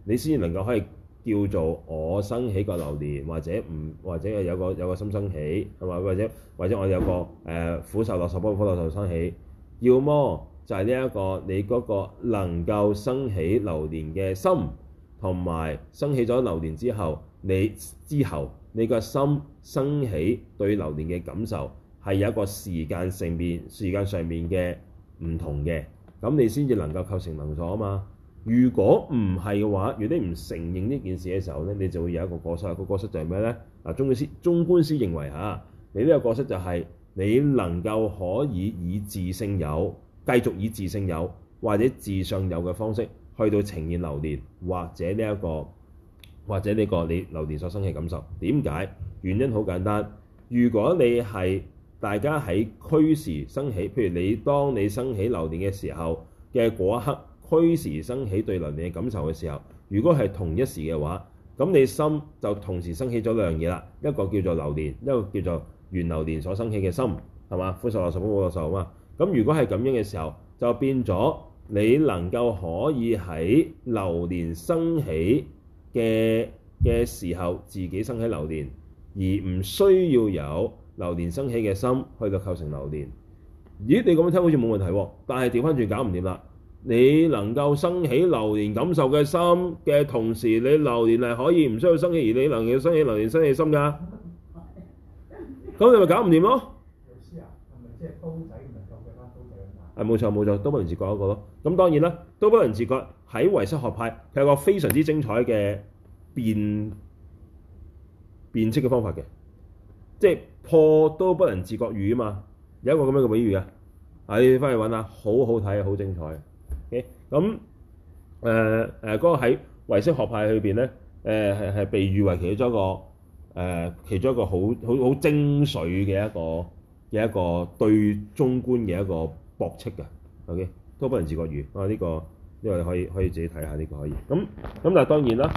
你先能夠可以叫做我生起個流年，或者唔或者有個有個心生起係嘛？或者或者我有個誒、呃、苦受樂受、苦受樂受生起，要麼就係呢一個你嗰個能夠生起流年嘅心，同埋生起咗流年之後，你之後你個心生起對流年嘅感受係有一個時間上面時間上面嘅唔同嘅。咁你先至能夠構成能所啊嘛！如果唔係嘅話，如果你唔承認呢件事嘅時候咧，你就會有一個過失。個過失就係咩咧？嗱，中觀師、中觀師認為嚇，你呢個過失就係、是、你能夠可以以自性有，繼續以自性有或者自上有嘅方式去到呈現流年，或者呢、這、一個或者呢個你流年所生嘅感受。點解？原因好簡單，如果你係大家喺俱時生起，譬如你當你生起榴槤嘅時候嘅嗰一刻，俱時生起對榴槤嘅感受嘅時候，如果係同一時嘅話，咁你心就同時生起咗兩樣嘢啦，一個叫做榴槤，一個叫做原榴槤所生起嘅心，係嘛？苦受樂受，不苦不樂受嘛。咁如果係咁樣嘅時候，就變咗你能夠可以喺榴槤生起嘅嘅時候，自己生起榴槤，而唔需要有榴槤生起嘅心去到構成榴槤，咦？你咁樣聽好似冇問題喎，但係調翻轉搞唔掂啦。你能夠生起榴槤感受嘅心嘅同時，你榴槤係可以唔需要生起，而你能夠生起榴槤生起心㗎，咁 [LAUGHS] 你咪搞唔掂咯。老師啊，係咪即係刀仔唔同埋刀劍啊？係，冇錯冇錯，都不人自覺一個咯。咁當然啦，都不人自覺喺唯識學派係個非常之精彩嘅辨辨識嘅方法嘅，即係。破都不能自覺語啊嘛，有一個咁樣嘅比喻嘅、啊，啊你翻去揾下，好好睇，好精彩。OK，咁誒誒嗰個喺唯識學派裏邊咧，誒係係被譽為其中一個誒、呃、其中一個好好好精髓嘅一個嘅一個對中觀嘅一個駁斥嘅。OK，都不能自覺語啊！呢、這個呢、這個你可以可以自己睇下，呢、這個可以。咁、嗯、咁、嗯、但係當然啦，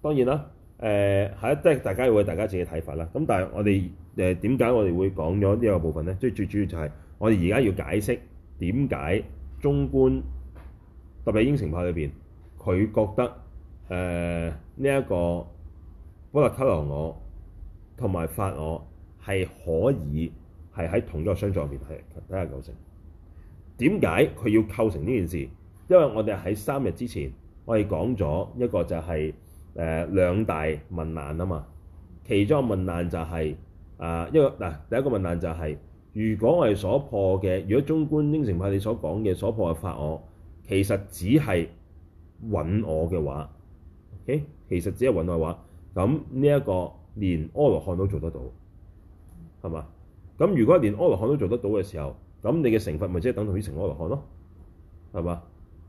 當然啦。誒係啦，即係、呃、大家會大家自己睇法啦。咁但係我哋誒點解我哋會講咗呢個部分咧？即係最主要就係我哋而家要解釋點解中觀特別應成派裏邊佢覺得誒呢一個補特伽羅我同埋法我係可以係喺同一個相狀入邊係睇下構成，點解佢要構成呢件事？因為我哋喺三日之前我哋講咗一個就係、是。誒、呃、兩大問難啊嘛，其中一個問難就係、是、啊、呃，一個嗱、啊，第一個問難就係、是，如果我哋所破嘅，如果中觀應成派你所講嘅所破嘅法我，其實只係揾我嘅話、okay? 其實只係揾我嘅話，咁呢一個連阿羅漢都做得到，係嘛？咁如果連阿羅漢都做得到嘅時候，咁你嘅成佛咪即係等同於成阿羅漢咯，係嘛？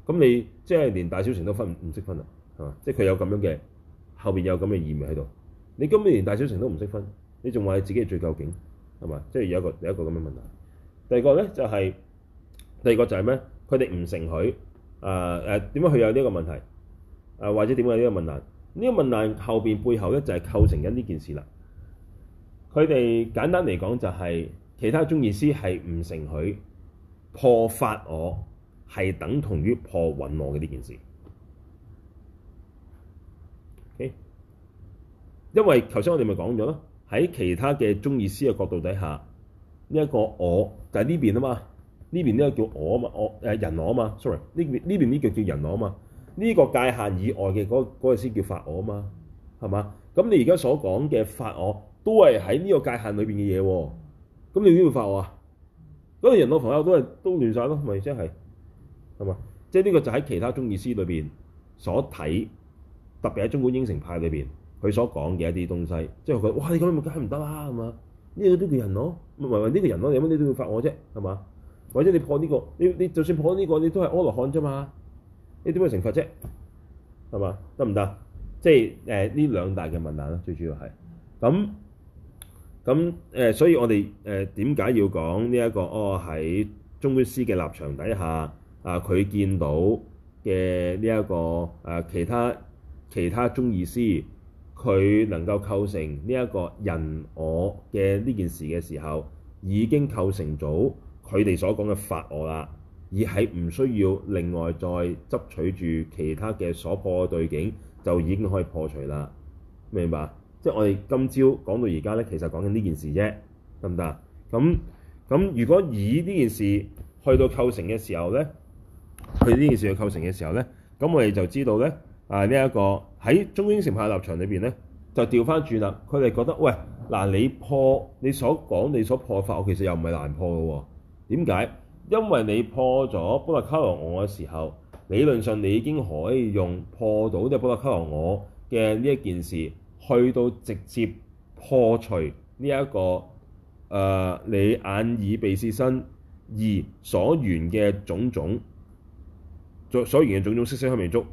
咁你即係連大小乘都分唔識分啦，係嘛？即係佢有咁樣嘅。後邊有咁嘅意味喺度，你根本連大小乘都唔識分，你仲話自己係最究竟，係嘛？即係有一個有一個咁嘅問題。第二個咧就係、是，第二個就係咩？佢哋唔承許，誒誒點樣去有呢個問題？誒、呃、或者點解呢個問難？呢、這個問難後邊背後咧就係、是、構成緊呢件事啦。佢哋簡單嚟講就係、是、其他中意師係唔承許破法我，係等同於破允我嘅呢件事。因為頭先我哋咪講咗咯，喺其他嘅中觀師嘅角度底下，呢、這、一個我就係呢邊啊嘛，呢邊呢個叫我啊嘛，我誒人我啊嘛。sorry，呢邊呢邊呢個叫人我啊嘛，呢、這個界限以外嘅嗰嗰個先、那個、叫法我啊嘛，係嘛？咁你而家所講嘅法我都係喺呢個界限裏邊嘅嘢喎。咁你點會法我啊？咁人我朋友都係都亂曬咯，咪即係係嘛？即係呢個就喺其他中觀師裏邊所睇，特別喺中觀應成派裏邊。佢所講嘅一啲東西，即係佢覺得，哇！你咁樣咪梗係唔得啦，係嘛？呢個都叫人咯，唔係呢個人咯、啊，有乜、這個啊、你都要罰我啫，係嘛？或者你破呢、這個，你你就算破呢、這個，你都係阿羅漢啫嘛，你點樣成佛啫？係嘛？得唔得？即係誒呢兩大嘅問難咯，最主要係咁咁誒，所以我哋誒點解要講呢一個？哦、呃，喺中醫師嘅立場底下，啊、呃，佢見到嘅呢一個誒、呃，其他其他中醫師。佢能夠構成呢一個人我嘅呢件事嘅時候，已經構成咗佢哋所講嘅法我啦，而係唔需要另外再執取住其他嘅所破嘅對境，就已經可以破除啦。明白？即係我哋今朝講到而家咧，其實講緊呢件事啫，得唔得？咁咁，如果以呢件事去到構成嘅時候咧，去呢件事去構成嘅時候咧，咁我哋就知道咧。啊！呢、這、一個喺中觀應成派立場裏邊咧，就調翻轉啦。佢哋覺得喂嗱，你破你所講你所破法，我其實又唔係難破嘅喎。點解？因為你破咗補特伽羅我嘅時候，理論上你已經可以用破到即係補特伽羅我嘅呢一件事，去到直接破除呢、這、一個誒、呃、你眼耳鼻舌身而所緣嘅種種，所所緣嘅種種色聲香味觸。」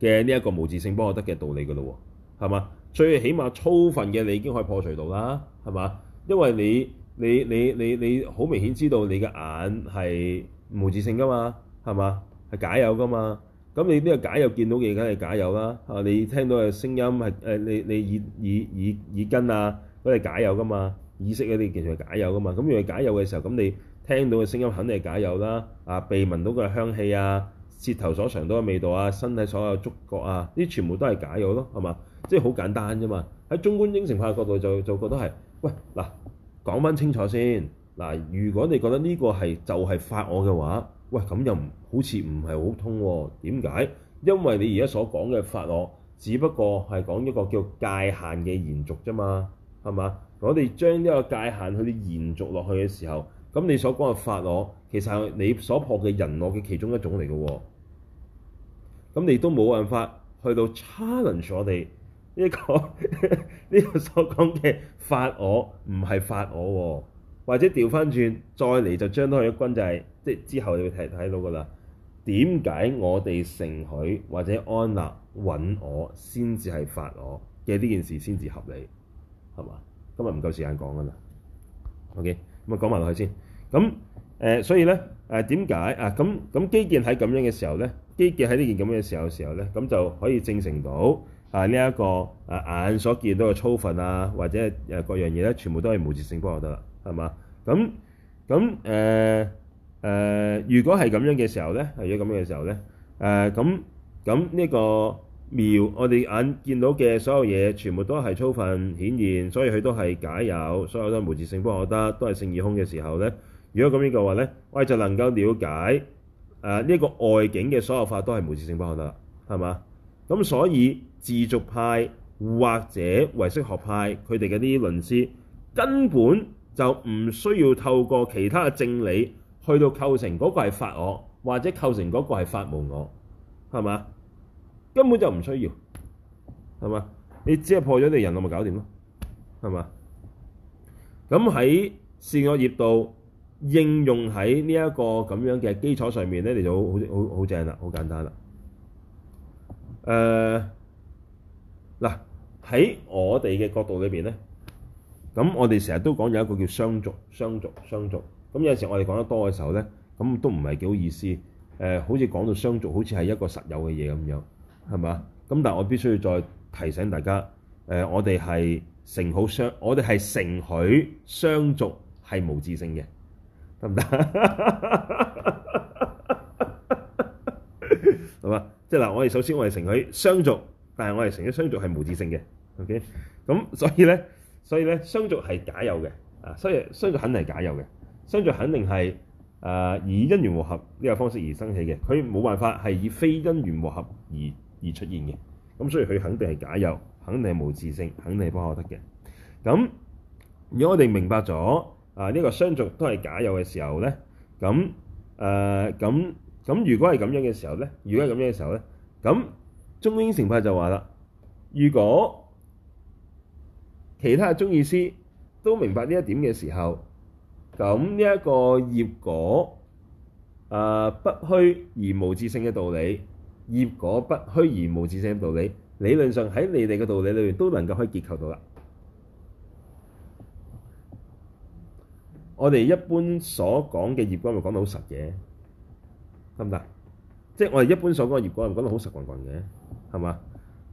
嘅呢一個無自性幫我得嘅道理嘅咯喎，係嘛？最起碼粗分嘅你已經可以破除到啦，係嘛？因為你你你你你好明顯知道你嘅眼係無自性噶嘛，係嘛？係假有噶嘛？咁你呢個假有見到嘅梗係假有啦，啊！你聽到嘅聲音係誒你你耳耳耳耳根啊，都係假有噶嘛？意識嗰啲其實係假有噶嘛？咁如果係假有嘅時候，咁你聽到嘅聲音肯定係假有啦，啊！鼻聞到嘅香氣啊～舌頭所嘗到嘅味道啊，身體所有觸覺啊，呢啲全部都係假有咯，係嘛？即係好簡單啫嘛。喺中觀應成派嘅角度就就覺得係，喂嗱，講翻清楚先嗱。如果你覺得呢個係就係、是、法我嘅話，喂咁又唔好似唔係好通喎？點解？因為你而家所講嘅法我，只不過係講一個叫界限嘅延續啫嘛，係嘛？我哋將呢個界限去延續落去嘅時候。咁你所講嘅法我，其實係你所破嘅人我嘅其中一種嚟嘅喎。咁你都冇辦法去到 challenge 我哋呢個呢 [LAUGHS] 個所講嘅法我唔係法我，或者掉返轉再嚟就將佢一軍，就係即係之後你會睇睇到嘅啦。點解我哋承許或者安納揾我先至係法我嘅呢件事先至合理係嘛？今日唔夠時間講㗎啦。O.K. 咁啊，講埋落去先。咁誒，所以咧誒，點解啊？咁咁機件喺咁樣嘅時候咧，機件喺呢件咁嘅時候嘅時候咧，咁就可以證成到啊呢一個啊眼所見到嘅粗分啊，或者誒各樣嘢咧，全部都係無自性光就得啦，係嘛？咁咁誒誒，如果係咁樣嘅時候咧，係如果咁樣嘅時候咧，誒咁咁呢個。苗，我哋眼見到嘅所有嘢，全部都係粗分顯現，所以佢都係假有，所有都係無自性不可得，都係勝義空嘅時候呢。如果咁樣嘅話呢，我哋就能夠了解誒呢、呃這個外境嘅所有法都係無自性不可得啦，係嘛？咁所以自續派或者唯識學派佢哋嘅啲論師根本就唔需要透過其他嘅正理去到構成嗰個係法我，或者構成嗰個係法無我，係嘛？根本就唔需要，係嘛？你只係破咗你人我咪搞掂咯，係嘛？咁喺善惡業度應用喺呢一個咁樣嘅基礎上面咧，你就好好好正啦，好簡單啦。誒、呃，嗱喺我哋嘅角度裏邊咧，咁我哋成日都講有一個叫相續、相續、相續。咁有陣時我哋講得多嘅時候咧，咁都唔係幾好意思。誒、呃，好似講到相續，好似係一個實有嘅嘢咁樣。係嘛？咁但係我必須要再提醒大家，誒、呃，我哋係承許雙，我哋係承許雙族係無自性嘅，得唔得？係 [LAUGHS] 嘛？即係嗱，我哋首先我哋承許雙族，但係我哋承許雙族係無自性嘅。OK，咁所以咧，所以咧，雙族係假有嘅，啊，所以雙族肯定係假有嘅，雙族肯定係誒、呃、以因緣和合呢個方式而生起嘅，佢冇辦法係以非因緣和合而而出現嘅，咁所以佢肯定係假有，肯定係無自性，肯定係不可得嘅。咁如果我哋明白咗啊呢個相續都係假有嘅時候咧，咁誒咁咁如果係咁樣嘅時候咧，如果係咁樣嘅時候咧，咁中應成派就話啦，如果其他中醫師都明白呢一點嘅時候，咁呢一個業果誒不虛而無自性嘅道理。業果不虛而無自性嘅道理，理論上喺你哋嘅道理裏面都能夠可以結構到啦。我哋一般所講嘅業果咪講到好實嘅，得唔得？即係我哋一般所講嘅業果，係咪講到好實棍棍嘅，係嘛？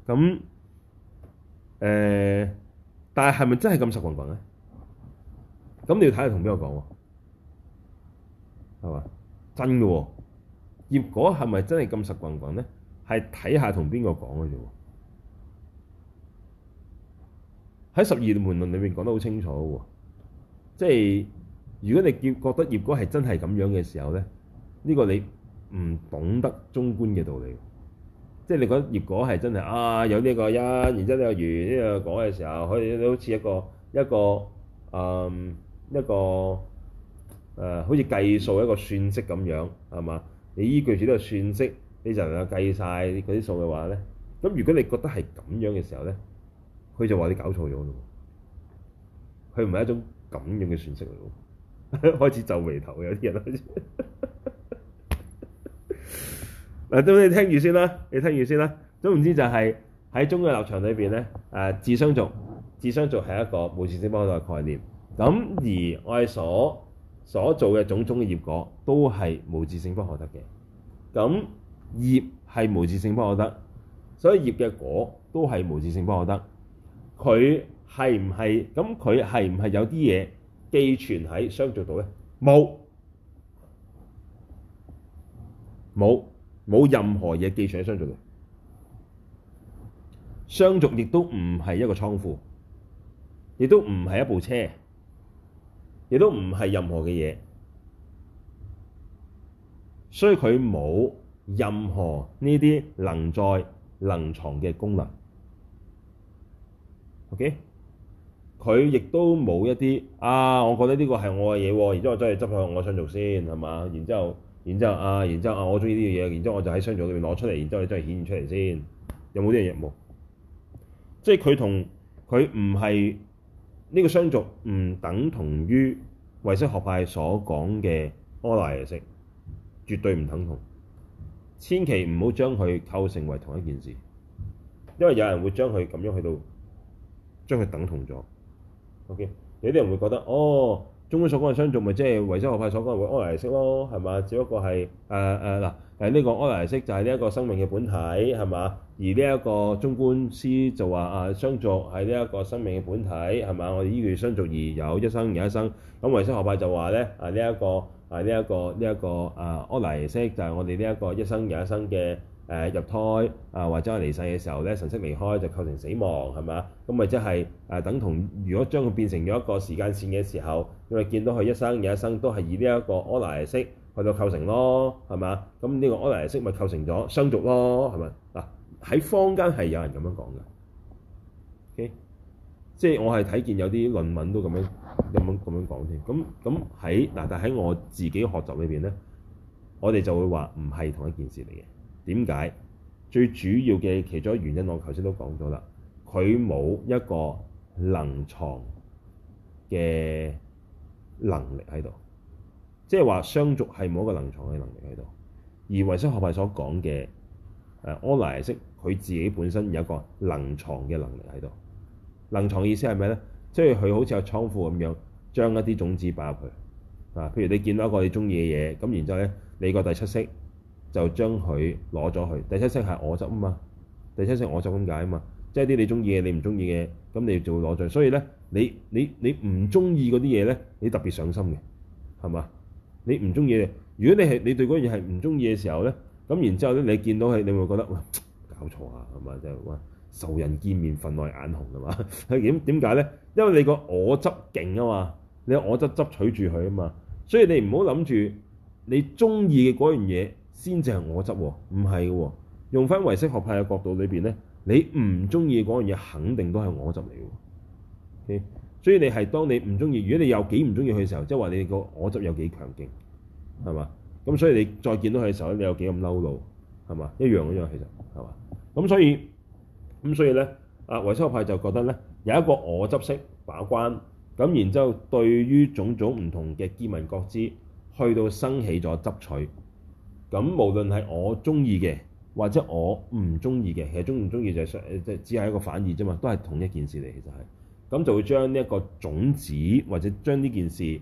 咁誒，但係係咪真係咁實棍棍咧？咁你要睇下同邊個講喎？係嘛？真嘅喎！葉果係咪真係咁實棍棍咧？係睇下同邊個講嘅啫喎。喺十二門論裏面講得好清楚喎。即係如果你叫覺得業果係真係咁樣嘅時候咧，呢個你唔懂得中觀嘅道理。即係你覺得業果係真係啊，有呢個一，然之後有二，呢個講嘅時候，好似好似一個一個誒一個誒，好似計數一個算式咁樣係嘛？你依據住呢個算式，你就能夠計晒嗰啲數嘅話咧。咁如果你覺得係咁樣嘅時候咧，佢就話你搞錯咗咯。佢唔係一種咁樣嘅算式嚟喎。 [LAUGHS] 開始皺眉頭，有啲人。開始。嗱，咁你聽住先啦，你聽住先啦。總唔知就係、是、喺中嘅立場裏邊咧，誒智商族，智商族係一個冇意識幫到嘅概念。咁而我哋所。所做嘅種種嘅業果都係無自性不可得嘅，咁業係無自性不可得，所以業嘅果都係無自性不可得。佢係唔係咁？佢係唔係有啲嘢寄存喺相續度咧？冇，冇，冇任何嘢寄存喺相續度。相續亦都唔係一個倉庫，亦都唔係一部車。亦都唔係任何嘅嘢，所以佢冇任何呢啲能載能藏嘅功能。OK，佢亦都冇一啲啊，我覺得呢個係我嘅嘢，然之後我真係執向我想做先係嘛，然之後，然之後啊，然之後啊，我中意呢啲嘢，然之後我就喺相續裏面攞出嚟，然之後你真係顯現出嚟先。有冇呢樣嘢？即係佢同佢唔係呢個相續唔等同於。唯識學派所講嘅阿賴耶識，絕對唔等同，千祈唔好將佢構成為同一件事，因為有人會將佢咁樣去到將佢等同咗。OK，有啲人會覺得，哦。中觀所講嘅相續咪即係唯識學派所講嘅安那離識咯，係嘛？只不過係誒誒嗱誒呢個安那離識就係呢一個生命嘅本體，係嘛？而呢一個中觀師就話，啊相續係呢一個生命嘅本體，係嘛？我哋依據相續而有一生而一生，咁唯識學派就話咧，啊呢一個啊呢一個呢一個啊安那離識就係我哋呢一個一生而一生嘅。誒入胎啊，或者係離世嘅時候咧，神識離開就構成死亡，係嘛？咁咪即係誒等同，如果將佢變成咗一個時間線嘅時候，你見到佢一生又一生都係以呢一個阿賴耶識去到構成咯，係嘛？咁呢個阿賴耶識咪構成咗相續咯，係咪？嗱、啊，喺坊間係有人咁樣講嘅、okay? 即係我係睇見有啲論文都咁樣咁樣講添。咁咁喺嗱，但喺我自己學習裏邊咧，我哋就會話唔係同一件事嚟嘅。點解？最主要嘅其中一原因，我頭先都講咗啦。佢冇一個能藏嘅能力喺度，即係話雙族係冇一個能藏嘅能力喺度。而唯識學派所講嘅誒阿賴耶識，佢自己本身有一個能藏嘅能力喺度。能藏意思係咩咧？即係佢好似有倉庫咁樣，將一啲種子擺入去啊。譬如你見到一個你中意嘅嘢，咁然之後咧，你個第七識。就將佢攞咗去。第七識係我執啊嘛，第七識我執咁解啊嘛，即係啲你中意嘅，你唔中意嘅咁，你就會攞咗。所以咧，你你你唔中意嗰啲嘢咧，你特別上心嘅係嘛？你唔中意，如果你係你對嗰樣係唔中意嘅時候咧，咁然之後咧，你見到佢，你會覺得哇搞錯啊，係嘛？即係話仇人見面，分外眼紅啊嘛。係點點解咧？因為你個我執勁啊嘛，你我執執取住佢啊嘛，所以你唔好諗住你中意嘅嗰樣嘢。先至係我執喎，唔係嘅喎。用翻唯識學派嘅角度裏邊咧，你唔中意嗰樣嘢，肯定都係我執嚟嘅。Okay? 所以你係當你唔中意，如果你有幾唔中意佢嘅時候，即係話你個我執有幾強勁，係嘛？咁所以你再見到佢嘅時候，你有幾咁嬲怒，係嘛？一樣一樣，其實係嘛？咁所以咁所以咧，啊唯識學派就覺得咧，有一個我執識把關，咁然之後對於種種唔同嘅見聞覺知，去到生起咗執取。咁無論係我中意嘅，或者我唔中意嘅，其實中唔中意就係即係只係一個反義啫嘛，都係同一件事嚟，其實係、就係。咁就會將呢一個種子，或者將呢件事誒誒、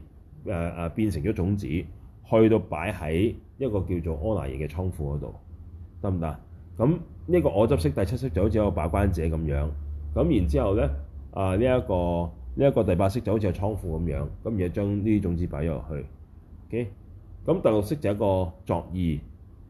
呃呃、變成咗種子，去到擺喺一個叫做安娜型嘅倉庫嗰度，得唔得？咁呢個我執識第七識就好似有個把關者咁樣，咁然之後咧，啊呢一個呢一、這個第八識就好似個倉庫咁樣，咁而將呢種子擺咗落去。咁第六識就一個作意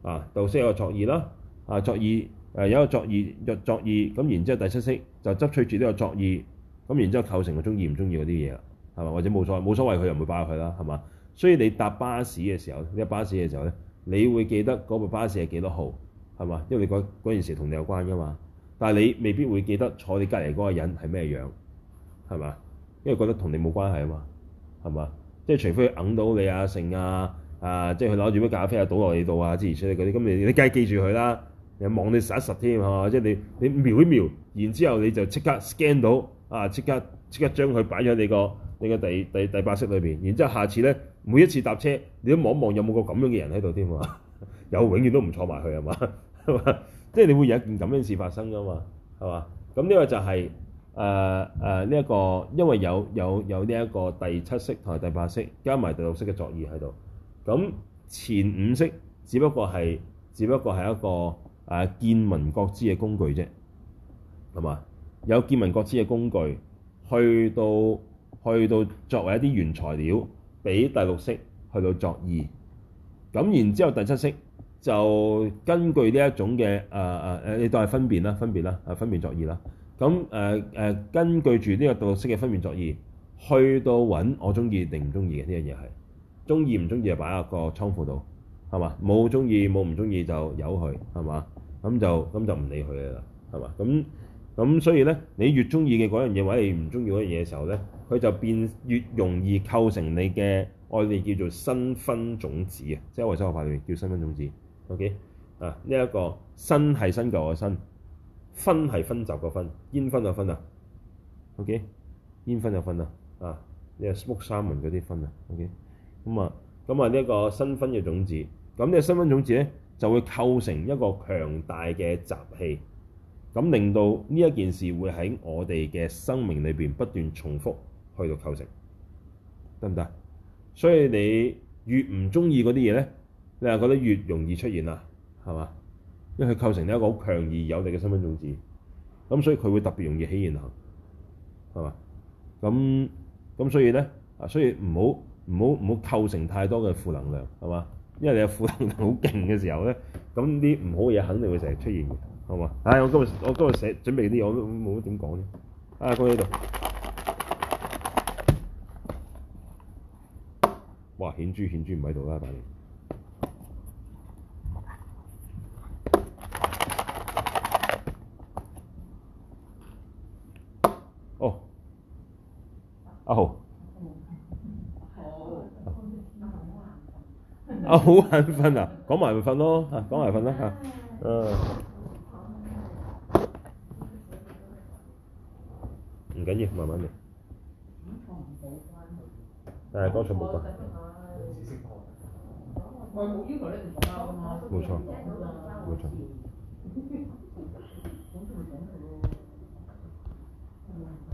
啊，第六識有一個作意啦啊，作意誒有一個作意，作意咁，然之後第七識就執取住呢個作意，咁然之後構成我中意唔中意嗰啲嘢啦，係嘛？或者冇所冇所謂，佢又唔會擺佢啦，係嘛？所以你搭巴士嘅時候，呢個巴士嘅時候咧，你會記得嗰部巴士係幾多號，係嘛？因為你嗰陣時同你有關噶嘛。但係你未必會記得坐你隔離嗰個人係咩樣，係嘛？因為覺得同你冇關係啊嘛，係嘛？即係除非佢揞到你啊成啊。啊！即係佢攞住杯咖啡啊，倒落你度啊，之前出嚟嗰啲咁，你你梗係記住佢啦。你望你實一實添，係、啊、嘛？即係你你瞄一瞄，然之後你就即刻 scan 到啊！即刻即刻將佢擺喺你個你個第第第八識裏邊。然之後下次咧，每一次搭車，你都望望有冇個咁樣嘅人喺度添啊？有永遠都唔坐埋佢，係嘛？ [LAUGHS] 即係你會有一件咁樣事發生㗎嘛？係嘛？咁呢個就係誒誒呢一個，因為有有有呢一個第七識同埋第八識，加埋第六識嘅作意喺度。咁前五識，只不過係只不過係一個誒見聞覺知嘅工具啫，係嘛？有見聞覺知嘅工具，去到去到作為一啲原材料，俾第六識去到作意。咁然之後第七識就根據呢一種嘅誒誒誒，你當係分辨啦，分別啦，啊分別作意啦。咁誒誒，根據住呢個第六識嘅分別作意，去到揾我中意定唔中意嘅呢樣嘢係。中意唔中意就擺喺個倉庫度係嘛？冇中意冇唔中意就由佢係嘛？咁就咁就唔理佢啦，係嘛？咁咁所以咧，你越中意嘅嗰樣嘢，或者你唔中意嗰樣嘢嘅時候咧，佢就變越容易構成你嘅我哋叫做新分種子嘅，即係唯識學派裏面叫新分種子。OK 啊，呢、這、一個新係新舊嘅新，分係分集嘅分，煙分嘅分啊。OK 煙分就分啊，啊，呢個 smoke 三文嗰啲分啊。OK 咁啊，咁啊呢一個新婚嘅種子，咁呢個新婚種子咧就會構成一個強大嘅習氣，咁令到呢一件事會喺我哋嘅生命裏邊不斷重複去到構成，得唔得？所以你越唔中意嗰啲嘢咧，你係覺得越容易出現啊，係嘛？因為佢構成一個好強而有力嘅新婚種子，咁所以佢會特別容易起現行，係嘛？咁咁所以咧啊，所以唔好。唔好唔好構成太多嘅負能量，係嘛？因為你有負能量好勁嘅時候呢，咁啲唔好嘢肯定會成日出現嘅，係嘛？唉、哎，我今日我今日寫準備啲嘢，我都冇乜點講啫。啊、哎，講喺度。哇！顯珠顯珠唔喺度啦，大年。好眼瞓啊！講埋咪瞓咯。嚇，講埋瞓啦，嚇唉，嗯唉，唔緊要，慢慢嚟，但係啱啱冇關，冇錯，冇 [LAUGHS] 錯。 [LAUGHS] [LAUGHS]